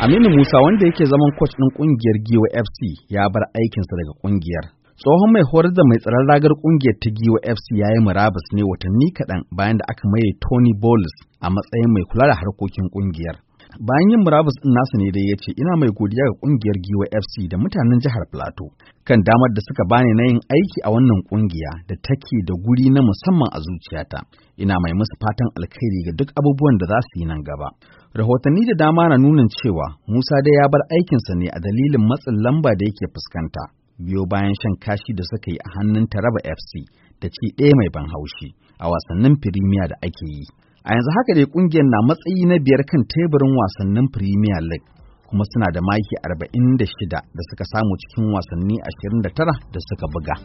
Aminu Musa wanda yake zaman coach ɗin ƙungiyar Giwa FC ya bar aikinsa daga ƙungiyar. Tsohon mai horar da mai tsaron ragar ƙungiyar ta Giwa FC ya yi murabus ne watanni kaɗan bayan da aka maye Tony Bowles a matsayin mai kula da harkokin ƙungiyar. Bayan yin murabus ɗin nasu ne dai ya ce ina mai godiya ga ƙungiyar Giwa FC da mutanen jihar Plateau kan damar da suka bani na yin aiki a wannan ƙungiya da take da guri na musamman a zuciyata. Ina mai musu fatan alkhairi ga duk abubuwan da za su yi nan gaba. Rahotanni da dama na nunin cewa Musa dai ya bar aikinsa ne a dalilin matsin lamba da yake fuskanta. Biyo bayan shan kashi da suka yi a hannun Taraba FC da ci ɗaya mai ban haushi a wasannin firimiya da ake yi. A yanzu haka dai kungiyar na matsayi na biyar kan teburin wasannin Premier League kuma suna da maki 46 da suka samu cikin wasanni 29 da suka buga.